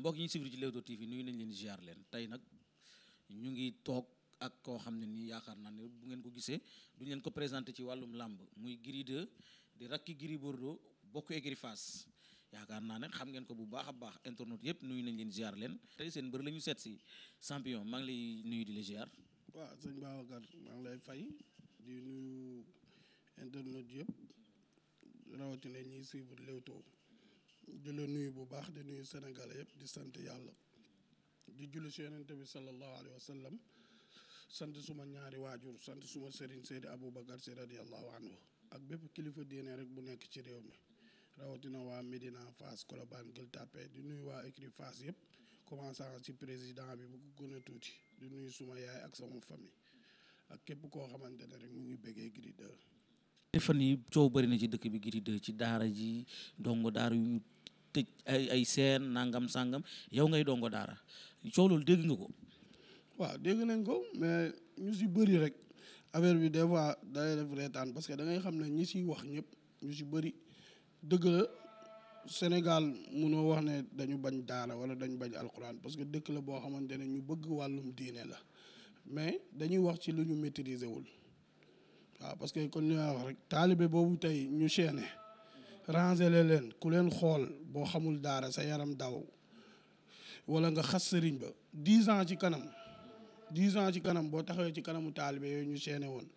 mbokk yi ñu suivre ci Leewtoo TV nuyu nañ leen ziar leen tey nag ñu ngi toog ak koo xam ne nii yaakaar naa ne bu ngeen ko gisee duñ leen ko présenté ci wàllum làmb muy Gris 2 di rakki Gris Bordeaux bokk écurie Fass yaakaar naa ne xam ngeen ko bu baax a baax internet yëpp nuyu nañ leen ziar leen tey seen mbër la ñu seet si champion maa ngi lay nuyu di la ziar. waaw sëñ Babacar maa ngi lay fay di nuyu internet yëpp rawatina ñuy suivre Leewtoo. di la nuyu bu baax di nuyu Sénégal yëpp di sant yàlla di julli si yonente bi sallallahu alayhi wa sallam sant suma ñaari waajur sant suma Serigne Seydi Aboubacar Sy radiyallahu anhu ak bépp kilifa diine rek bu nekk ci réew mi rawatina waa Médina Fass Colobane Gueule Tapée di nuyu waa écrit Fass yëpp commencé ci président bi bu ko gën a tuuti di nuyu suma yaay ak sama famille ak képp koo xamante ne rek mu ngi bëggee Gris ci daara ji dong daara yu tëj ay ay seen nangam sangam yow ngay dongo daara coow loolu dégg nga ko. waaw dégg nañ ko mais ñu si bëri rek affaire bi des fois day def reetaan parce que da ngay xam ne ñi siy wax ñëpp ñu si bëri dëgg la Sénégal munoo wax ne dañu bañ daara wala dañu bañ alxuraan parce que dëkk la boo xamante ne ñu bëgg wàllum diine la mais dañuy wax ci lu ñu maîtriser wul waaw parce que kon wax rek taalibe boobu tey ñu chaîné. rangele leen ku leen xool boo xamul daara sa yaram daw wala nga xas sëriñ ba dix ans ci kanam dix ans ci kanam boo taxawee ci kanamu taalibe yooyu ñu seene woon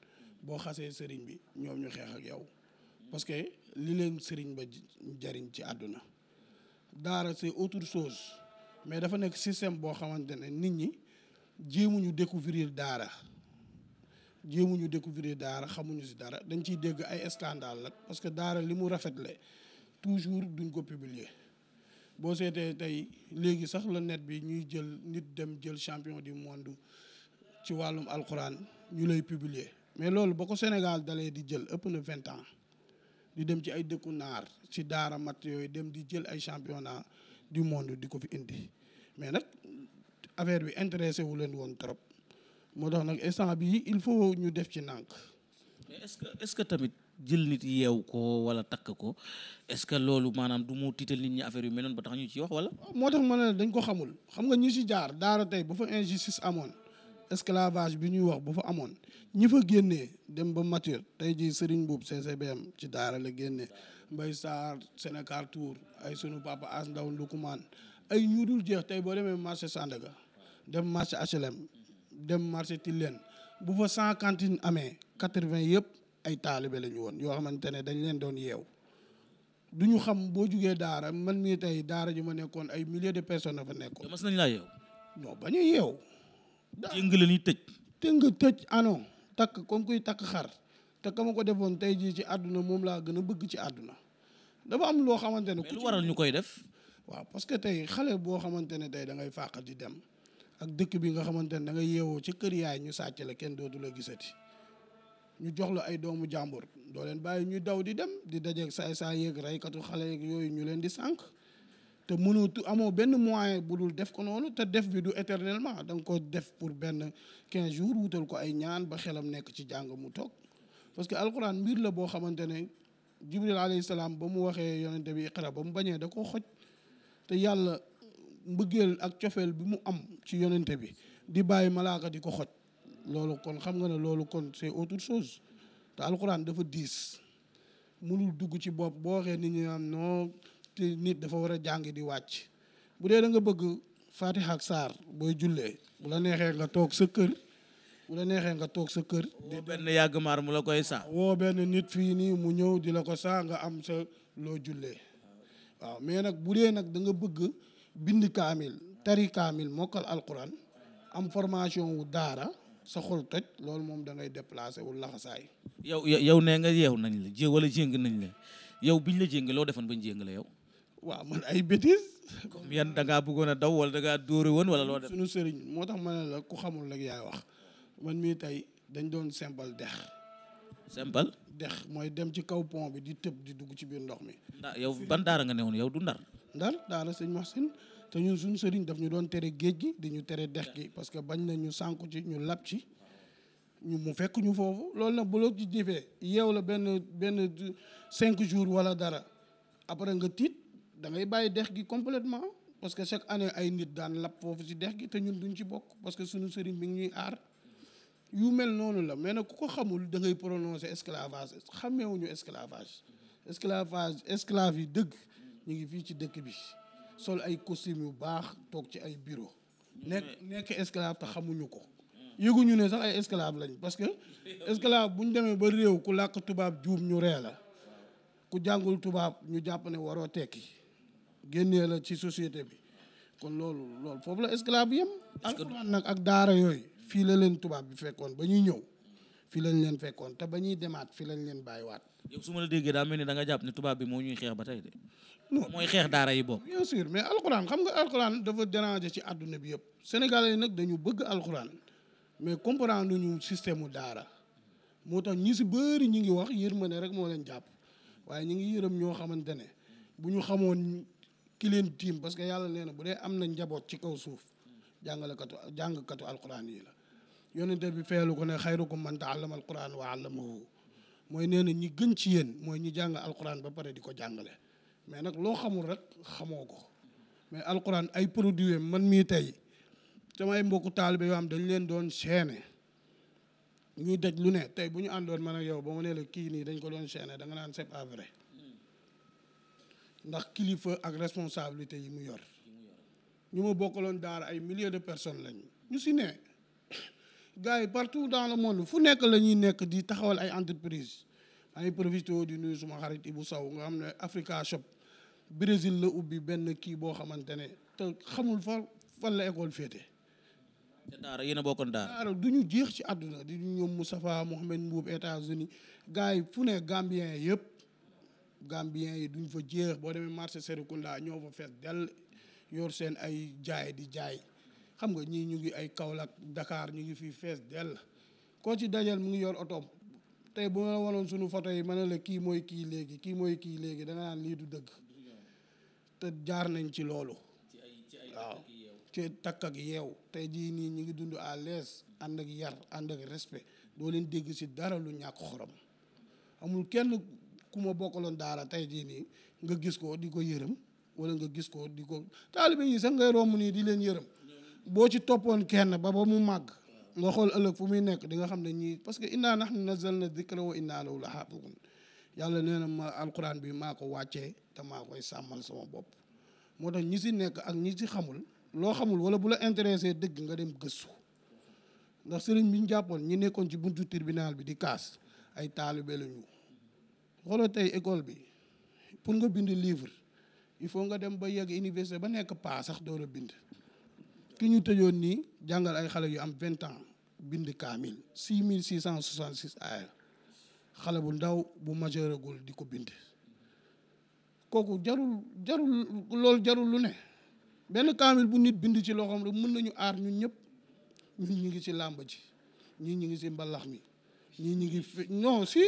boo xasee sëriñ bi ñoom ñu xeex ak yow parce que li leen sëriñ ba jariñ ci àdduna daara c'est autre chose mais dafa nekk système boo xamante ne nit ñi jéemuñu découvrir daara jéemuñu découvrir daara xamuñu si dara dañ ciy dégg ay scandale la parce que daara li mu rafetle toujours duñ ko publier boo seetee tey léegi sax la net bi ñuy jël nit dem jël champion du monde ci wàllum alxuraan ñu lay publier mais loolu ba ko Sénégal dalee di jël ëpp na vingt ans di dem ci ay dëkku naar ci daara mat yooyu dem di jël ay championnat du monde di ko fi indi mais nag affaire bi intéressé wu leen woon trop moo tax nag instant bi il faut ñu def ci nànk mais est-ce que est-ce que tamit jël nit yeew ko wala takk ko est-ce que loolu maanaam du moo tiital nit ñi affaire yu mel noonu ba tax ñu ci wax wala moo tax ma ne dañ ko xamul xam nga ñu si jaar daara tey bu fa injustice amoon esclavage bi ñuy wax bu fa amoon ñi fa génnee dem ba mature tey ji Serigne Boub CCBM ci daara la génne Mbaye Sarr Sénégal Tour ay sunu papa as ndaw ndukumaan ay ñu dul jeex tey boo demee marché Sandaga dem marché HLM dem marché Tilène bu fa cent cantines amee quatre-vingt yëpp ay taalibe la ñu woon yoo xamante ne dañ leen doon yeew du ñu xam boo jugee daara man mii tey daara ji ma nekkoon ay milliers de personnes a fa nekkoon. mas nañ laa yeew. non bañ a yeew. jëng la ñuy tëj. tëng ah takk comme kuy takk xar te kama ko defoon tey jii ci àdduna moom laa gën a bëgg ci àdduna dafa am loo xamante ne. ku ci waral ñu koy def. waaw parce que tey xale boo xamante ne tey da ngay fàq di dem. ak dëkk bi nga xamante ne da nga yeewoo ci kër yaay ñu sàcc la kenn dootu la gisati ñu jox la ay doomu jàmbur doo leen bàyyi ñuy daw di dem di dajeeg saay saa yéeg reykatu xale yeeg yooyu ñu leen di sànq te mënutu amoo benn moyen bu dul def ko noonu te def bi du éternellement da nga ko def pour benn 15 jours wutal ko ay ñaan ba xelam nekk ci jàng mu toog parce que alquran mbir la boo xamante ne jibril alayhi salaam ba mu waxee yonente bi iqra ba mu bañee da koo xoj mbëggeel ak cofeel bi mu am ci yonente bi di bàyyi malaaka di ko xoj loolu kon xam nga ne loolu kon c'est autre chose te alxuraan dafa diis mënul dugg ci bopp boo waxee nit ñi am noo te nit dafa war a jàng di wàcc bu dee da nga bëgg Fatiha ak saar booy jullee bu la neexee nga toog sa kër bu la neexee nga toog sa kër. woo benn yàgg maar mu la koy saa. woo benn nit fii nii mu ñëw di la ko saa nga am sa loo jullee mais nag bu dee nag da nga bëgg. bind kaamil tari kaamil mokkal alquran am formation wu daara sa xol toj loolu moom da ngay déplacé wu laxasaay. yow yow nee nga yeew nañ la jé wala jéng nañ la yow biñ la jéng loo defoon bañ jéng la yow. waa man ay bêtises. comme yan da bëggoon a daw wala da ngaa dóore woon wala loo def. suñu sëriñ moo tax ma ne la ku xamul rek yaay wax man mii tey dañ doon simple dex. simple. dex mooy dem ci kaw pont bi di tëb di dugg ci biir ndox mi. yow ban daara nga ne woon yow du ndar. ndar daara sëñ Maxsin te ñu suñ sëriñ daf ñu doon tere géej gi di ñu tere dex gi parce que bañ na ñu sànku ci ñu lap ci ñu mu fekkuñu foofu loolu na bu loo ci jëfee yeew la benn benn cinq jours wala dara après nga tiit da ngay bàyyi dex gi complètement parce que chaque année ay nit daan lab foofu ci dex gi te ñun duñ ci bokk parce que suñu sëriñ bi ngi ñuy aar yu mel noonu la mais nag ku ko xamul da ngay prononcer esclavage xameewuñu esclavage esclavage esclave yi dëgg ñu ngi fii ci dëkk bi sol ay costume yu baax toog ci ay bureau nekk nekk esclave te xamuñu ko yëguñu ne sax ay esclave lañ parce que esclave bu ñu demee ba réew ku làkk tubaab juum ñu ree la ku jàngul tubaab ñu jàpp ne waroo tekki génnee la ci société bi kon loolu loolu foofu la esclave yem alxuraan nag ak daara yooyu fii la leen tubaab bi fekkoon ba ñuy ñëw fi lañ leen fekkoon te ba ñuy demaat fi lañ leen bàyyiwaat. yow su ma la déggee daa mel ni da nga jàpp ne tubaab bi moo ñuy xeex ba tey de. mooy xeex daara yi boobu. bien sûr mais alxuraan xam nga alxuraan dafa déranger ci àdduna bi yëpp. sénégalais yi nag dañu bëgg alxuraan mais comprendre ñu système mu daara moo tax ñi si bëri ñu ngi wax ma ne rek moo leen jàpp waaye ñu ngi yërëm ñoo xamante ne bu ñu xamoon ki leen tiim parce que yàlla nee na bu dee am na njaboot ci kaw suuf jàngalekatu jàngkatu alxuraan yi la. yonente bi feelu ko ne xayrukum man taallama alquran wa allamahu mooy nee na ñi gën ci yéen mooy ñi jàng alquran ba pare di ko jàngale mais nag loo xamul rek xamoo ko mais alquran ay produit man mii tey sama ay mbokku taalibe yoo xam dañ leen doon seene ñuy daj lu ne tey bu ñu àndoon man ak yow ba mu ne la kii nii dañ ko doon seene danga nga naan c'est pas ndax kilifa ak responsabilité yi mu yor ñu ma bokkaloon daara ay milliers de personnes lañ ñu si ne gars yi partout dans le monde fu nekk la ñuy nekk di taxawal ay entreprise ay profité di nuyu suma xarit Ibou Sow nga xam ne Africa Shop Brésil la ubbi benn kii boo xamante ne te xamul fa fan la école féete. te Daara yéen a du ñu jeex ci àdduna di ñoom Moustapha Mohamed Mbuub États-Unis gars yi fu ne Gambien yëpp. Gambien yi duñ fa jeex boo demee marché Serekunda ñoo fa fees dell yor seen ay jaay di jaay. xam nga ñii ñu ngi ay Kaolack Dakar ñu ngi fii fees dell koo ci dajal mu ngi yor otoom tey bu ma la wanoon suñu photo yi ma ne la kii mooy kii léegi kii mooy kii léegi da nga lii du dëgg te jaar nañ ci loolu waaw ci takk yeew tey jii nii ñu ngi dund à l'aise ànd ak yar ànd ak respect doo leen dégg si dara lu ñàkk xorom amul kenn ku ma bokkaloon daara tey jii nii nga gis ko di ko yërëm wala nga gis ko di ko taalibe yi sax ngay romb nii di leen yërëm boo ci toppoon kenn ba ba mu màgg nga xool ëllëg fu muy nekk di nga xam ne ñii parce que innaa nahnu nazzalna dikra wa innaa lahu lahaafizuun yàlla nee na ma alquran bi maa ko wàccee te maa koy sàmmal sama bopp moo tax ñi si nekk ak ñi si xamul loo xamul wala bu la intéressé dëgg nga dem gëstu ndax sëriñ bi ñu jàppoon ñi nekkoon ci buntu tribunal bi di kaas ay taalibe la ñu xooloo tey école bi pour nga bind livre il faut nga dem ba yegg université ba nekk paa sax door a bind ki ñu tëjoon nii jàngal ay xale yu am vingt ans bind kaamil six mille six cent soixante six aaya xale bu ndaw bu majeuragul di ko bind kooku jarul jarul loolu jarul lu ne benn kaamil bu nit bind ci loxoom rek mën nañu aar ñun ñëpp ñun ñu ngi ci làmb ji ñii ñu ngi ci mbalax mi ñi ñu ngi fe non si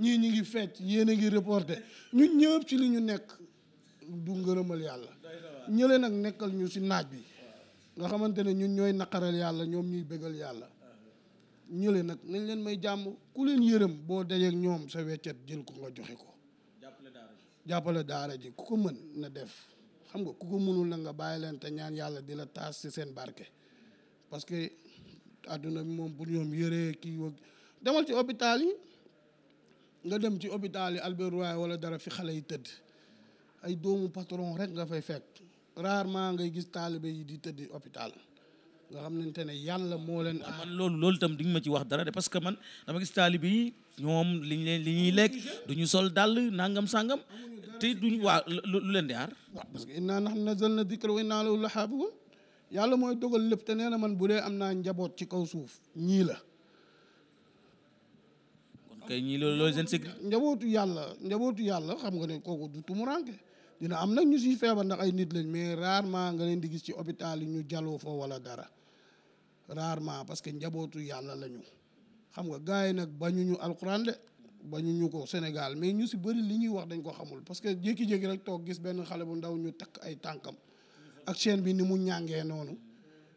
ñii ñu ngi fecc yéen a ngi reporté ñun ñëpp ci li ñu nekk du ngërëmal yàlla ñële nag nekkal ñu ci naaj bi nga xamante ne ñun ñooy naqaral yàlla ñoom ñuy bégal yàlla ñu le nag nañ leen may jàmm ku leen yërëm boo dajeeg ñoom sa weccet jël ko nga joxe ko jàppale daara ji ku ko mën na def xam nga ku ko mënul na nga bàyyi leen te ñaan yàlla di la taas ci seen barke parce que àdduna bi moom bu ñoom yëree kii wag demal ci hôpital yi nga dem ci hôpital yi Albert Royer wala dara fi xale yi tëdd ay doomu patron rek nga fay fekk rarement ngay gis taalibe yi di tëdd hôpital nga xamante ne yàlla moo leen. Ah, man loolu lool itam di nga ma ci wax dara de parce que man dama gis taalibe yi ñoom li ñu li ñuy lekk du ñu sol dàll nangam sangam te duñu waa lu leen di aar. waaw parce que inna nahnu nazzalna naa wa inna lahu lahafizun yàlla mooy dogal lépp te nee na man bu dee am naa njaboot ci kaw suuf ñii la. kon ñii loolu loolu seen secret. njabootu yàlla njabootu yàlla xam nga ne kooku du tumuranke dina am nag ñu si feebar ndax ay nit lañ mais rarement nga leen di gis ci hôpital yi ñu jaloo fa wala dara rarement parce que njabootu yàlla la ñu xam nga gars yi nag bañuñu alxuraan de bañuñu ko Sénégal mais ñu si bëri li ñuy wax dañ ko xamul parce que jékki-jékki rek toog gis benn xale bu ndaw ñu takk ay tànkam ak chaîne bi ni mu ñàngee noonu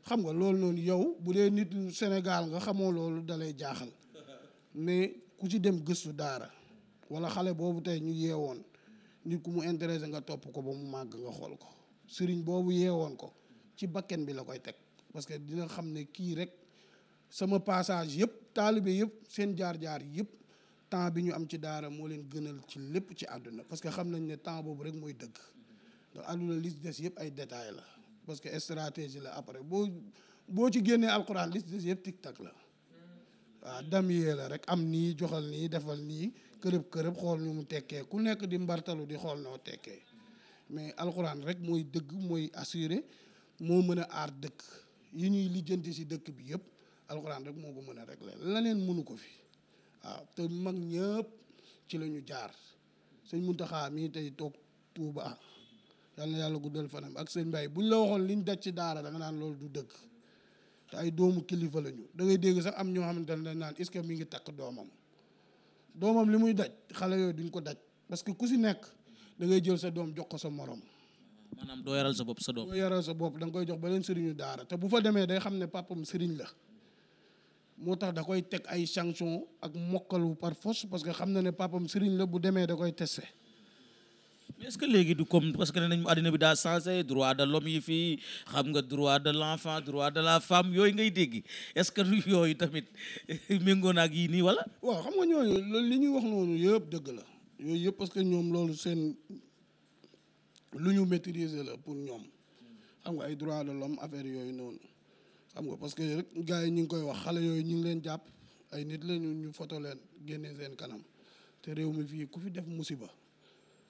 xam nga loolu noonu yow bu dee nit Sénégal nga xamoo loolu dalay jaaxal mais ku ci dem gëstu daara wala xale boobu tey ñu yeewoon nit ku mu intéressé nga topp ko ba mu màgg nga xool ko sëriñ boobu yeewoon ko ci bakken bi la koy teg parce que dina xam ne kii rek sama passage yëpp taalibe yëpp seen jaar-jaar yëpp temps bi ñu am ci daara moo leen gënal ci lépp ci àdduna parce que xam nañ ne temps boobu rek mooy dëgg donc àdduna lis des yëpp ay détails la parce que stratégie la après boo boo ci génnee alxuraan li des yëpp tic tac la waaw dam la rek am nii joxal nii defal nii kërëb kërëb xool ñu mu tekkee ku nekk di mbartalu di xool noo tekkee mais alxuraan rek mooy dëgg mooy assuré moo mën a aar dëkk yi ñuy lijjanti si dëkk bi yëpp alxuraan rek moo ko mën a la leneen mënu ko fi waaw te mag ñëpp ci la ñu jaar sëñ Muntaxa mii tey toog Tuuba yal na yàlla guddal fanam ak sëñ Mbay buñ la waxoon liñ daj ci daara da nga loolu du dëkk te ay doomu kilifa lañu da ngay dégg sax am ñoo xamante ne dañ naan est-ce mi ngi takk doomam doomam li muy daj xale yooyu duñ ko daj parce que ku si nekk da ngay jël sa doom jox ko sa morom. maanaam doo yaral sa bopp sa doom. doo yaral sa bopp da koy jox beneen sëriñu daara te bu fa demee day xam ne papam sëriñ la moo tax da koy teg ay sanction ak mokkalu par force parce que xam na ne papam sëriñ la bu demee da koy teste est-ce que léegi du comme parce que nee nañu àddina bi daa changé droit de l'homme yi fii xam nga droit de l'enfant droit de la femme yooyu ngay dégg est-ce que yooyu tamit méngoo naag yi nii wala. waaw xam nga ñooyu loolu li ñuy wax noonu yëpp dëgg la yooyu yëpp parce que ñoom loolu seen lu ñu maîtriser la pour ñoom xam nga ay droit de l'homme affaire yooyu noonu xam nga parce que rek gars yi ñu ngi koy wax xale yooyu ñu ngi leen jàpp ay nit la ñu ñu foto leen génne seen kanam te réew mi fii ku fi def musiba.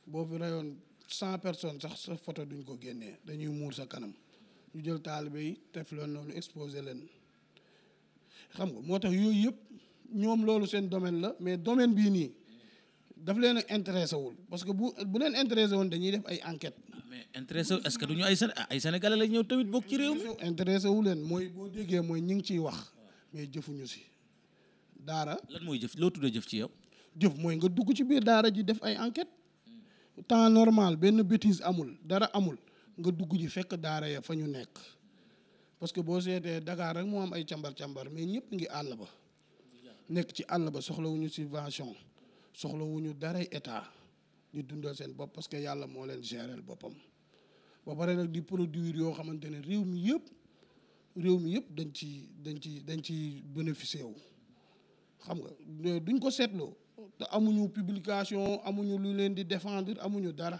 boo fi rayoon cent personnes sax sa photo duñ ko génnee dañuy muur sa kanam ñu jël taalibe yi def leen noonu exposé leen xam nga moo tax yooyu yëpp ñoom loolu seen domaine la mais domaine bii nii daf leen a wul parce que bu bu leen intéressé woon dañuy def ay enquête mais intéressé est que duñu ay ay sénégalais la ñëw tamit bokk ci réew mi. intéressé wu leen mooy boo déggee mooy ñi ngi ciy wax mais jëfuñu si daara. lan mooy jëf loo tuddee jëf ci yow. jëf mooy nga dugg ci biir daara ji def ay enquête temps normal benn bêtise amul dara amul nga dugg ji fekk daara ya fa ñu nekk parce que boo seetee dakaar rek moo am ay cambar càmbar mais ñëpp ngi àll ba nekk ci àll ba soxlawuñu subvention soxlawuñu daray état di dundal seen bopp parce que yàlla moo leen gérer boppam ba pare nag di produir yoo xamante ne réew mi yëpp réew mi yëpp dañ ci dañ ci dañ ci bénéficier wu xam nga duñ ko seetloo te amuñu publication amuñu lu leen di défendre amuñu dara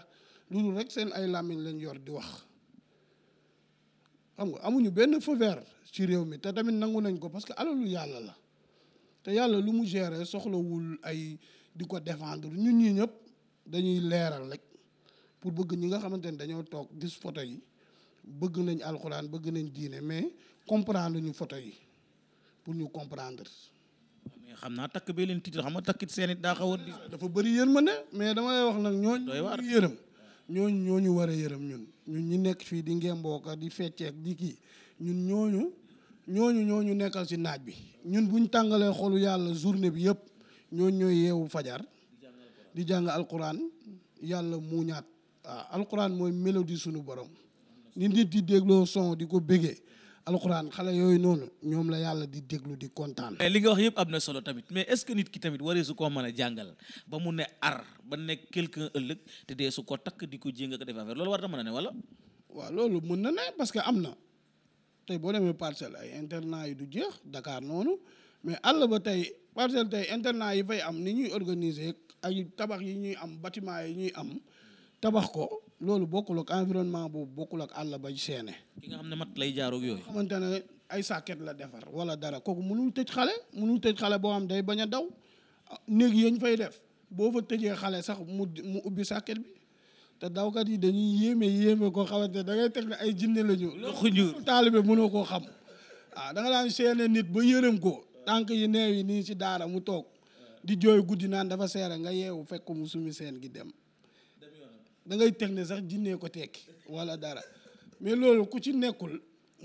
loolu rek seen ay làmmiñ lañ yor di wax xam nga amuñu benn feu vert ci réew mi te tamit nangu nañ ko parce que alalu yàlla la te yàlla lu mu gérer soxlawul ay di ko défendre ñu ñi ñëpp dañuy leeral rek pour bëgg ñi nga xamante ne dañoo toog gis photo yi bëgg nañ alxuraan bëgg nañ diine mais comprendre ñu foto yi pour ñu comprendre xam naa takk bee leen tiital xam nga takkit seen it daa xaw a dafa bëri yërmande mais dama wax nag ñooñu ñu yërëm ñooñu ñooñu war a yërëm ñun ñu ñi nekk fii di ngembooka di fecceek di ki ñun ñooñu ñooñu ñooñu nekkal si naaj bi ñun bu ñu tàngalee xolu yàlla journée bi yëpp ñooñu ñooy yeewu fajar di jàng alquran yàlla muuñaat waaw mooy mélodie suñu borom ni nit di dégloo son di ko bégee alxuraan xale yooyu noonu ñoom la yàlla di déglu di kontaan. mais li nga wax yëpp am na solo tamit mais est-ce que nit ki tamit waree su koo mën a jàngal ba mu ne ar ba nekk quelqu'un ëllëg te dee su ko takk di ko jéng ak def affaire loolu war na mën a ne wala. waaw loolu mën na ne parce que am na tey boo demee parcelle ay internat yi du jeex dakaar noonu mais àll ba tey parcelle tey internat yi fay am ni ñuy organiser ay tabax yi ñuy am bâtiment yi ñuy am tabax ko. loolu bokkul ak environnement boobu bokkul ak àll bay seene ki nga xam ne mat lay jaar yooyu. xamante ne ay sàkket la defar wala dara kooku mënul tëj xale mënul tëj xale boo xam day bañ a daw néeg yañ fay def boo fa tëjee xale sax mu mu ubbi sàkket bi te dawkat yi dañuy yéeme yéeme koo xamante ne da ngay ay jinne la ñu. loxo mënoo koo xam ah da nga daan seene nit ba yërëm ko tànk yi neew yi nii si daara mu toog di jooy guddi naan dafa seere nga yeewu fekk mu sumi seen gi dem. da ngay teg ne sax jinnee ko tekki wala dara mais loolu ku ci nekkul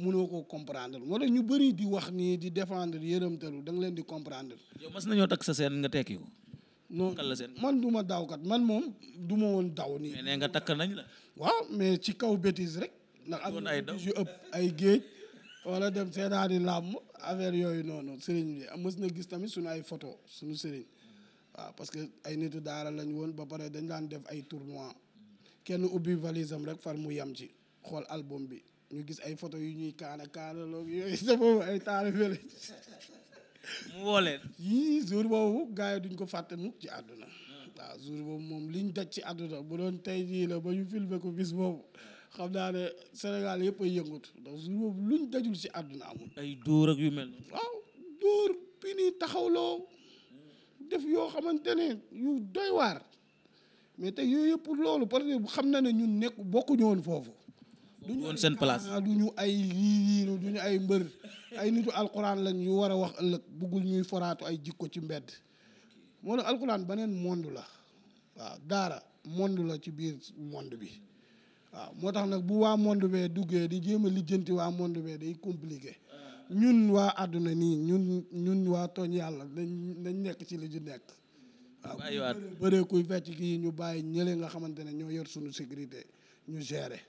mënoo ko comprendre moo tax ñu bëri di wax nii di défendre yërëmtalu da nga leen di comprendre. yow nañoo takk sa seen nga tekki ko. non man du ma daawkat man moom du ma woon daw nii. nee nga takk nañ la. waaw mais ci kaw bêtise rek. ndax am ay daw yu ëpp ay géej. wala dem seetaani làmm affaire yooyu noonu sëriñ bi mës na gis tamit suñu ay photo suñu sëriñ waaw parce que ay nitu daara lañ woon ba pare dañ daan def ay tournoi kenn ubbi valise rek far mu yam ci xool album bi ñu gis ay photo yu ñuy kaana kaana loog yooyu sa boobu ay taalibe la mu woo yii jour boobu gars yi duñ ko fàtte mukk ci àdduna waaw jour boobu moom liñ daj ci àdduna bu doon tey jii la ba ñu filmé ko bis boobu xam naa ne Sénégal yëpp ay yëngatu ndax jour boobu luñ dajul ci àdduna amul ay dóor ak yu mel waaw dóor bi ni taxawloo def yoo xamante ne yu doy waar mais tey yooyu yëpp loolu parce que xam na ne ñun nekk bokkuñu woon foofu. duñu woon seen place ah, duñu ay yii yii duñu ay mbër ay nitu alquran lañ ñu war a wax ëllëg buggul ñuy foraatu ay jikko ci mbedd. moo tax alquran beneen mond la waaw daara mond la ci biir mond bi waaw moo tax nag bu waa monde bee duggee di jéem a lijjanti waa mond bee day compliqué. ñun waa àdduna nii ñun ñun waa tooñ yàlla dañ dañ nekk ci li ñu nekk. Ah, waaw bëree kuy fecc kii ñu bàyyi ñële nga xamante ne ñoo yor suñu sécurité ñu gérer.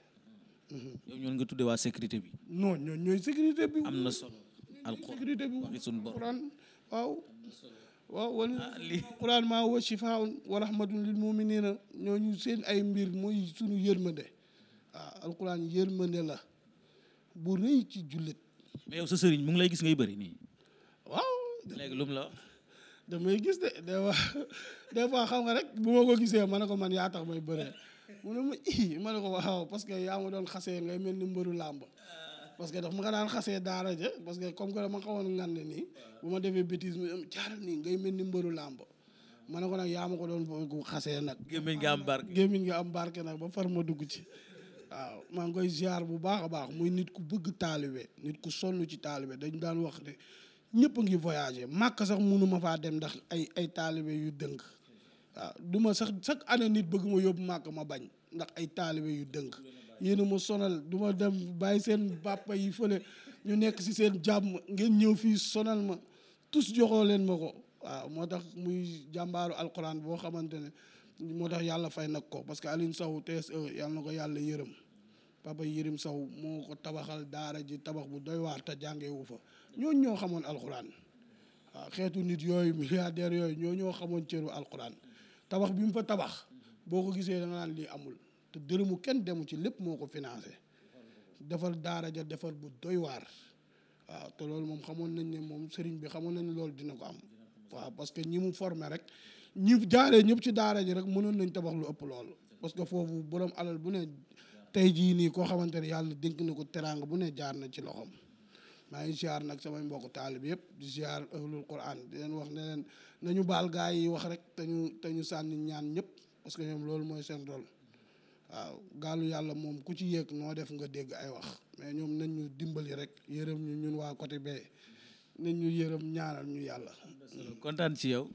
Mm-hmm. yow ñoon nga tuddee waa sécurité bi. non ñoo ñooy sécurité bi. am na solo alxuraan sécurité bi waxi suñu borom waaw. waaw wala ah, alxuraan maa wa shifaa'un wa rahmatun lil mu'miniina ñooñu seen ay mbir mooy suñu yërmande waaw ah, alxuraan yërmande la bu rëy ci jullit. mais yow sa sëriñ mu ngi lay gis ngay bëri nii. waaw damay gis de des fois des fois xam nga rek bu ma ko gisee ma ne ko man yaa tax may bëree mu ne ma ii ma ne ko waaw parce que yaa ma doon xasee ngay mel ni mbëru làmb parce que daf ma ko daan xasee daara ja parce que comme que xawoon ngan ne nii ma defee bêtise mu nii ngay mel ni mbëru làmb ma ne ko nag yaa ma ko doon bëgg xasee nag. gémmiñ nga am barke gémmiñ nga am barke nag ba far ma dugg ci. waaw maa ngi koy ziar bu baax a baax muy nit ku bëgg taalibe nit ku sonn ci taalibe dañ daan wax ne ñëpp ngi voyagé màkk sax munuma faa dem ndax ay ay taalibe yu dënk waaw du sax chaque année nit bëgg ma yóbbu màkk ma bañ ndax ay taalibe yu dënk yéen ma sonal du ma dem bàyyi seen bàppa yi fële ñu nekk si seen jàmm ngeen ñëw fii sonal ma tous joxoo leen ma ko waaw moo tax muy jàmbaaru alxuraan boo xamante ne moo tax yàlla fay nag ko parce que Alioune Sow TSE yàlla na ko yàlla yërëm papa Yérim Sow moo ko tabaxal daara ji tabax bu doy waar te jàngewu fa ñoo ñoo xamoon alxuraan waaw xeetu nit yooyu milliardaires yooyu ñoo ñoo xamoon cëru alxuraan tabax bi mu fa tabax boo ko gisee da nga lii amul te dërëmu kenn demu ci lépp moo ko financé defar daara ja defar bu doy waar waaw te loolu moom xamoon nañ ne moom sëriñ bi xamoon nañ loolu dina ko am waaw parce que ñi mu formé rek ñi jaaree ñëpp ci daara ji rek mënoon nañ tabax lu ëpp loolu parce que foofu borom alal bu ne tey jii nii koo xamante ne yàlla dénk na ko teraanga bu ne jaar na ci loxoom maa ngi ziar nag samay mbokku taalib yëpp di ziar quran di leen wax ne leen nañu baal gaa yi wax rek te ñu ñu sànni ñaan ñëpp parce que ñoom loolu mooy seen rôle waaw gaalu yàlla moom ku ci yéeg noo def nga dégg ay wax mais ñoom nañ ñu dimbali rek yërëm ñu ñun waa côté bee nañ ñu yërëm ñaanal ñu yàlla. kontaan ci yow.